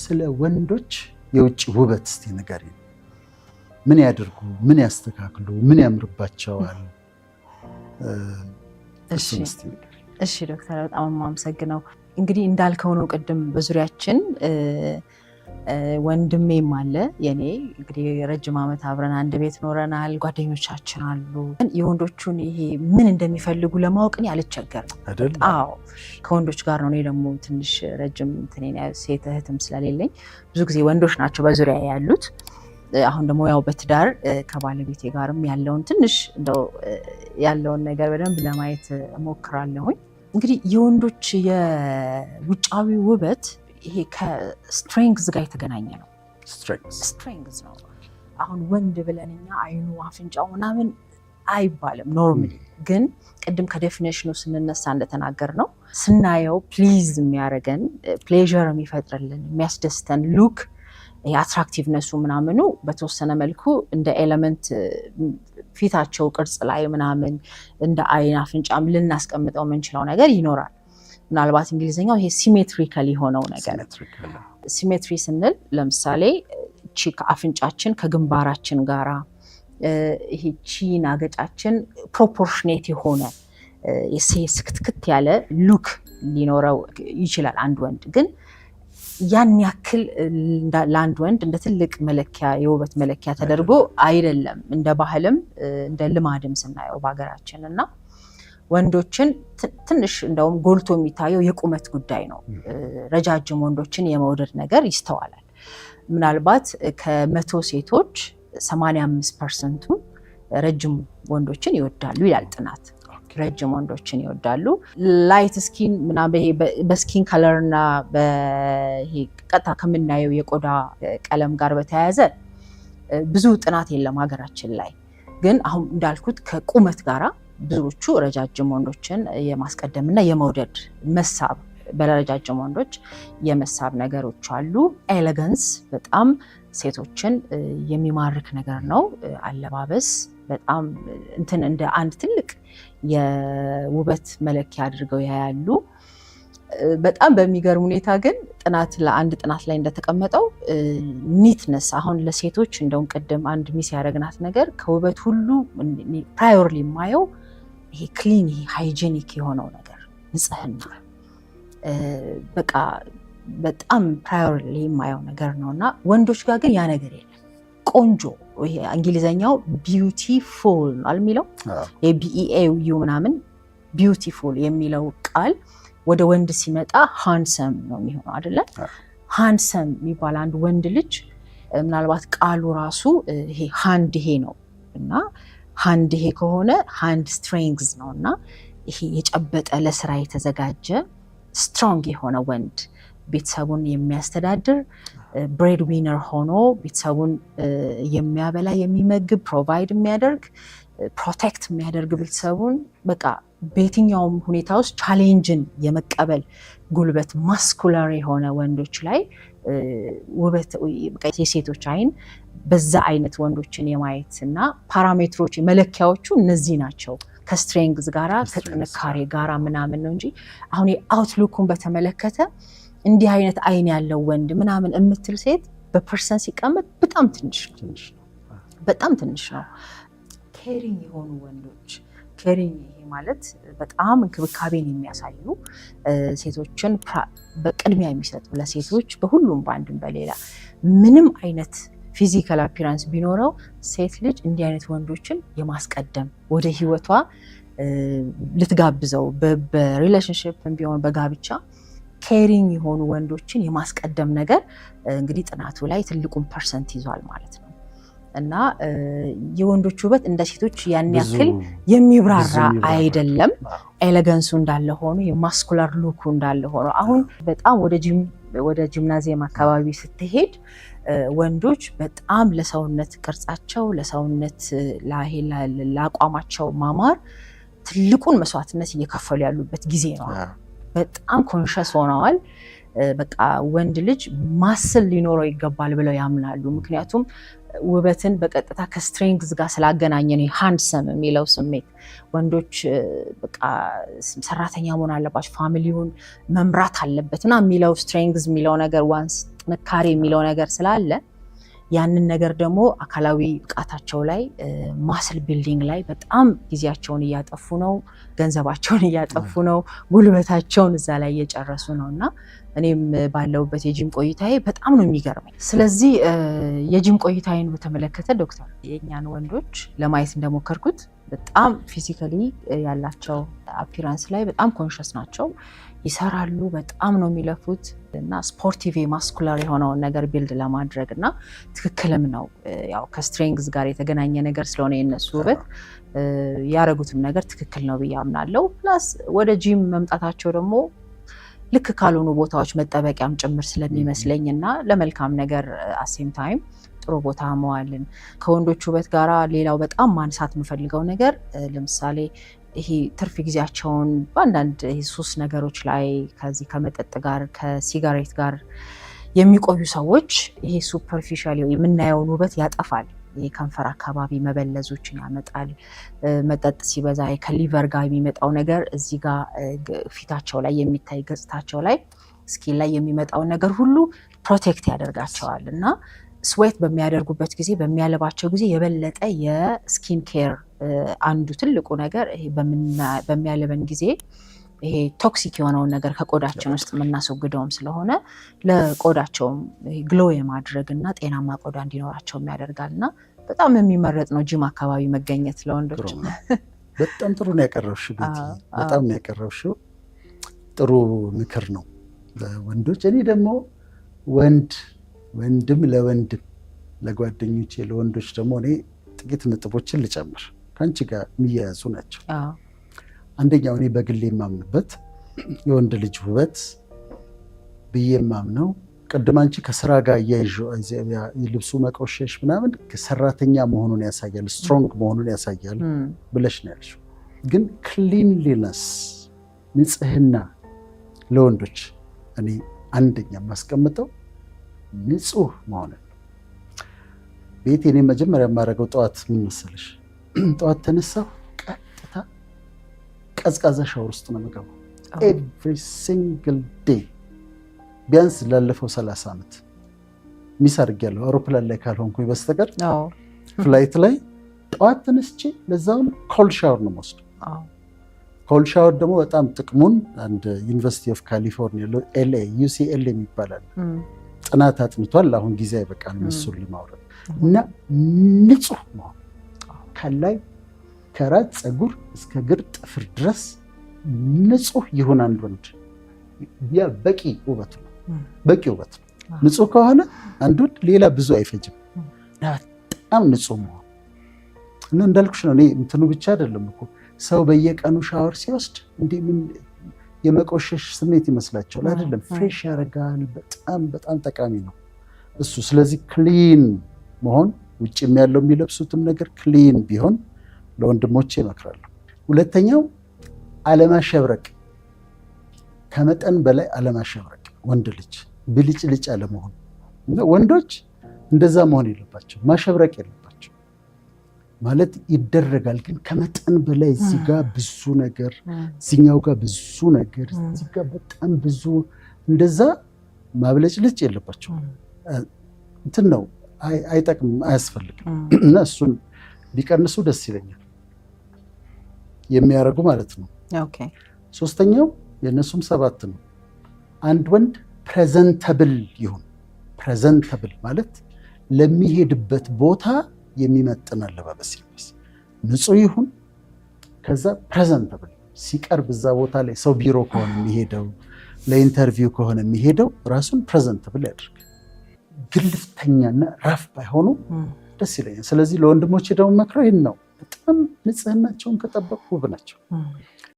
ስለ ወንዶች የውጭ ውበት እስቲ ንገሪኝ። ምን ያደርጉ፣ ምን ያስተካክሉ፣ ምን ያምርባቸዋል? እሺ ዶክተር፣ በጣም የማመሰግነው እንግዲህ እንዳልከው ነው። ቅድም በዙሪያችን ወንድሜም አለ የኔ እንግዲህ ረጅም ዓመት አብረን አንድ ቤት ኖረናል። ጓደኞቻችን አሉ። የወንዶቹን ይሄ ምን እንደሚፈልጉ ለማወቅ እኔ አልቸገርም። አዎ ከወንዶች ጋር ነው። እኔ ደግሞ ትንሽ ረጅም ሴት እህትም ስለሌለኝ ብዙ ጊዜ ወንዶች ናቸው በዙሪያ ያሉት። አሁን ደግሞ ያው በትዳር ከባለቤቴ ጋርም ያለውን ትንሽ እንደው ያለውን ነገር በደንብ ለማየት እሞክራለሁኝ። እንግዲህ የወንዶች የውጫዊ ውበት ይሄ ከስትሬንግዝ ጋር የተገናኘ ነው። ስትሬንግዝ ነው። አሁን ወንድ ብለን እኛ አይኑ አፍንጫው ምናምን አይባልም ኖርማሊ። ግን ቅድም ከዴፊኔሽኑ ስንነሳ እንደተናገር ነው ስናየው ፕሊዝ የሚያደርገን ፕሌዥር የሚፈጥርልን የሚያስደስተን ሉክ የአትራክቲቭነሱ ምናምኑ በተወሰነ መልኩ እንደ ኤለመንት ፊታቸው ቅርጽ ላይ ምናምን እንደ አይን አፍንጫም ልናስቀምጠው የምንችለው ነገር ይኖራል። ምናልባት እንግሊዝኛው ይሄ ሲሜትሪካል የሆነው ነገር ሲሜትሪ ስንል ለምሳሌ እቺ ከአፍንጫችን ከግንባራችን ጋራ ይሄ ቺን አገጫችን ፕሮፖርሽኔት የሆነ ስክትክት ያለ ሉክ ሊኖረው ይችላል። አንድ ወንድ ግን ያን ያክል ለአንድ ወንድ እንደ ትልቅ መለኪያ የውበት መለኪያ ተደርጎ አይደለም እንደ ባህልም እንደ ልማድም ስናየው በሀገራችን እና ወንዶችን ትንሽ እንደውም ጎልቶ የሚታየው የቁመት ጉዳይ ነው። ረጃጅም ወንዶችን የመውደድ ነገር ይስተዋላል። ምናልባት ከመቶ ሴቶች 85 ፐርሰንቱ ረጅም ወንዶችን ይወዳሉ ይላል ጥናት። ረጅም ወንዶችን ይወዳሉ። ላይት ስኪን ምናምን በስኪን ከለርና ቀጥታ ከምናየው የቆዳ ቀለም ጋር በተያያዘ ብዙ ጥናት የለም ሀገራችን ላይ ግን አሁን እንዳልኩት ከቁመት ጋራ ብዙዎቹ ረጃጅም ወንዶችን የማስቀደምና የመውደድ መሳብ በረጃጅም ወንዶች የመሳብ ነገሮች አሉ። ኤሌገንስ በጣም ሴቶችን የሚማርክ ነገር ነው። አለባበስ በጣም እንትን እንደ አንድ ትልቅ የውበት መለኪያ አድርገው ያያሉ። በጣም በሚገርም ሁኔታ ግን ጥናት ለአንድ ጥናት ላይ እንደተቀመጠው ኒትነስ አሁን ለሴቶች እንደውም ቅድም አንድ ሚስ ያደረግናት ነገር ከውበት ሁሉ ፕራዮርሊ የማየው ይሄ ክሊን ሃይጂኒክ የሆነው ነገር ንጽህና በቃ በጣም ፕራዮሪ የማየው ነገር ነው እና ወንዶች ጋር ግን ያ ነገር የለም። ቆንጆ እንግሊዘኛው ቢዩቲፉል ነው የሚለው የቢኢኤዩ e ምናምን ቢዩቲፉል የሚለው ቃል ወደ ወንድ ሲመጣ ሃንሰም ነው የሚሆነው አይደለ? ሃንሰም የሚባል አንድ ወንድ ልጅ ምናልባት ቃሉ ራሱ ይሄ ሃንድ ይሄ ነው እና ሀንድ ይሄ ከሆነ ሀንድ ስትሬንግዝ ነው እና ይሄ የጨበጠ ለስራ የተዘጋጀ ስትሮንግ የሆነ ወንድ ቤተሰቡን የሚያስተዳድር ብሬድ ዊነር ሆኖ ቤተሰቡን የሚያበላ የሚመግብ ፕሮቫይድ የሚያደርግ ፕሮቴክት የሚያደርግ ቤተሰቡን በቃ በየትኛውም ሁኔታ ውስጥ ቻሌንጅን የመቀበል ጉልበት ማስኩላር የሆነ ወንዶች ላይ ውበት የሴቶች አይን በዛ አይነት ወንዶችን የማየት እና ፓራሜትሮች መለኪያዎቹ እነዚህ ናቸው። ከስትሬንግዝ ጋራ ከጥንካሬ ጋራ ምናምን ነው እንጂ አሁን የአውትሉኩን በተመለከተ እንዲህ አይነት አይን ያለው ወንድ ምናምን የምትል ሴት በፐርሰን ሲቀመጥ በጣም ትንሽ ነው። በጣም ትንሽ ነው። ኬሪንግ የሆኑ ወንዶች ኬሪንግ ይሄ ማለት በጣም እንክብካቤን የሚያሳዩ ሴቶችን በቅድሚያ የሚሰጡ ለሴቶች በሁሉም በአንድም በሌላ ምንም አይነት ፊዚካል አፒራንስ ቢኖረው ሴት ልጅ እንዲህ አይነት ወንዶችን የማስቀደም ወደ ህይወቷ ልትጋብዘው በሪሌሽንሽፕ ቢሆን በጋብቻ ኬሪንግ የሆኑ ወንዶችን የማስቀደም ነገር እንግዲህ ጥናቱ ላይ ትልቁን ፐርሰንት ይዟል ማለት ነው። እና የወንዶች ውበት እንደ ሴቶች ያን ያክል የሚብራራ አይደለም። ኤሌገንሱ እንዳለ ሆኖ የማስኩላር ሉኩ እንዳለ ሆኖ አሁን በጣም ወደ ጂምናዚየም አካባቢ ስትሄድ ወንዶች በጣም ለሰውነት ቅርጻቸው፣ ለሰውነት ለአቋማቸው ማማር ትልቁን መስዋዕትነት እየከፈሉ ያሉበት ጊዜ ነው። በጣም ኮንሸስ ሆነዋል። በቃ ወንድ ልጅ ማስል ሊኖረው ይገባል ብለው ያምናሉ። ምክንያቱም ውበትን በቀጥታ ከስትሬንግዝ ጋር ስላገናኘ ነው ሃንድሰም የሚለው ስሜት። ወንዶች በቃ ሰራተኛ መሆን አለባቸው፣ ፋሚሊውን መምራት አለበትና የሚለው ስትሬንግዝ የሚለው ነገር ዋንስ ጥንካሬ የሚለው ነገር ስላለ ያንን ነገር ደግሞ አካላዊ ብቃታቸው ላይ ማስል ቢልዲንግ ላይ በጣም ጊዜያቸውን እያጠፉ ነው፣ ገንዘባቸውን እያጠፉ ነው፣ ጉልበታቸውን እዛ ላይ እየጨረሱ ነው እና እኔም ባለውበት የጂም ቆይታዬ በጣም ነው የሚገርመኝ። ስለዚህ የጂም ቆይታዬን በተመለከተ ዶክተር የእኛን ወንዶች ለማየት እንደሞከርኩት በጣም ፊዚካሊ ያላቸው አፒራንስ ላይ በጣም ኮንሽስ ናቸው፣ ይሰራሉ፣ በጣም ነው የሚለፉት እና ስፖርቲቭ የማስኩላር የሆነውን ነገር ቢልድ ለማድረግ እና ትክክልም ነው ያው ከስትሬንግዝ ጋር የተገናኘ ነገር ስለሆነ የነሱ ውበት ያደረጉትም ነገር ትክክል ነው ብዬ አምናለሁ። ፕላስ ወደ ጂም መምጣታቸው ደግሞ ልክ ካልሆኑ ቦታዎች መጠበቂያም ጭምር ስለሚመስለኝ እና ለመልካም ነገር አሴም ታይም ጥሩ ቦታ መዋልን ከወንዶች ውበት ጋራ ሌላው በጣም ማንሳት የምፈልገው ነገር ለምሳሌ ይሄ ትርፍ ጊዜያቸውን በአንዳንድ ሱስ ነገሮች ላይ ከዚህ ከመጠጥ ጋር ከሲጋሬት ጋር የሚቆዩ ሰዎች ይሄ ሱፐርፊሻል የምናየውን ውበት ያጠፋል። የከንፈር አካባቢ መበለዞችን ያመጣል። መጠጥ ሲበዛ ከሊቨር ጋር የሚመጣው ነገር እዚህ ጋር ፊታቸው ላይ የሚታይ ገጽታቸው ላይ ስኪን ላይ የሚመጣውን ነገር ሁሉ ፕሮቴክት ያደርጋቸዋል እና ስዌት በሚያደርጉበት ጊዜ በሚያለባቸው ጊዜ የበለጠ የስኪን ኬር አንዱ ትልቁ ነገር በሚያለበን ጊዜ ይሄ ቶክሲክ የሆነውን ነገር ከቆዳችን ውስጥ የምናስወግደውም ስለሆነ ለቆዳቸውም ግሎ የማድረግ እና ጤናማ ቆዳ እንዲኖራቸውም ያደርጋል እና በጣም የሚመረጥ ነው ጂም አካባቢ መገኘት ለወንዶች። በጣም ጥሩ ነው ያቀረብሽው፣ በጣም ነው ያቀረብሽው። ጥሩ ምክር ነው ለወንዶች። እኔ ደግሞ ወንድ ወንድም ለወንድም ለጓደኞቼ ለወንዶች ደግሞ እኔ ጥቂት ነጥቦችን ልጨምር ከአንቺ ጋር የሚያያዙ ናቸው። አንደኛው እኔ በግል የማምንበት የወንድ ልጅ ውበት ብዬ የማምነው ቅድም አንቺ ከስራ ጋር እያይዞ ልብሱ መቆሸሽ ምናምን ሰራተኛ መሆኑን ያሳያል፣ ስትሮንግ መሆኑን ያሳያል ብለሽ ነው ያልሽው። ግን ክሊንሊነስ ንጽህና ለወንዶች እኔ አንደኛ የማስቀምጠው ንጹህ መሆንን ቤት የኔ መጀመሪያ የማደርገው ጠዋት ምን መሰለሽ፣ ጠዋት ተነሳሁ ቀዝቃዛ ሻወር ውስጥ ነው የምገባው ኤቭሪ ሲንግል ዴይ ቢያንስ ላለፈው ሰላሳ ዓመት ሚስ አድርጌያለሁ አውሮፕላን ላይ ካልሆንኩኝ በስተቀር ፍላይት ላይ ጠዋት ተነስቼ ኮልድ ሻወር ነው የምወስደው። ኮልድ ሻወር ደግሞ በጣም ጥቅሙን አንድ ዩኒቨርሲቲ ኦፍ ካሊፎርኒያ ኤል ኤ የሚባላል ጥናት አጥንቷል። አሁን ጊዜ አይበቃል እሱን እና ንጹህ መሆን ከላይ ከራስ ፀጉር እስከ እግር ጥፍር ድረስ ንጹህ ይሆን አንድ ወንድ ያ በቂ ውበት ነው። በቂ ውበት ነው። ንጹህ ከሆነ አንድ ወንድ ሌላ ብዙ አይፈጅም። በጣም ንጹህ መሆን እና እንዳልኩሽ ነው። እኔ እንትኑ ብቻ አይደለም እኮ ሰው በየቀኑ ሻወር ሲወስድ እንዲህ ምን የመቆሸሽ ስሜት ይመስላቸዋል። አይደለም፣ ፍሬሽ ያደርጋል። በጣም በጣም ጠቃሚ ነው እሱ። ስለዚህ ክሊን መሆን ውጭም ያለው የሚለብሱትም ነገር ክሊን ቢሆን ለወንድሞቼ እመክራለሁ። ሁለተኛው አለማሸብረቅ፣ ከመጠን በላይ አለማሸብረቅ፣ ወንድ ልጅ ብልጭልጭ አለመሆን። ወንዶች እንደዛ መሆን የለባቸው ማሸብረቅ የለባቸው ማለት ይደረጋል፣ ግን ከመጠን በላይ እዚህ ጋ ብዙ ነገር፣ እዚኛው ጋር ብዙ ነገር፣ እዚህ ጋ በጣም ብዙ እንደዛ ማብለጭልጭ የለባቸው እንትን ነው አይጠቅምም፣ አያስፈልግም እና እሱን ቢቀንሱ ደስ ይለኛል። የሚያደርጉ ማለት ነው። ሶስተኛው የእነሱም ሰባት ነው። አንድ ወንድ ፕሬዘንተብል ይሁን። ፕሬዘንተብል ማለት ለሚሄድበት ቦታ የሚመጥን አለባበስ ይልበስ፣ ንጹህ ይሁን። ከዛ ፕሬዘንተብል ሲቀርብ እዛ ቦታ ላይ ሰው ቢሮ ከሆነ የሚሄደው ለኢንተርቪው ከሆነ የሚሄደው ራሱን ፕሬዘንተብል ያደርግ። ግልፍተኛና ራፍ ባይሆኑ ደስ ይለኛል። ስለዚህ ለወንድሞች ደግሞ መክረው ይህን ነው በጣም ንጽህናቸውን ከጠበቁ ውብ ናቸው።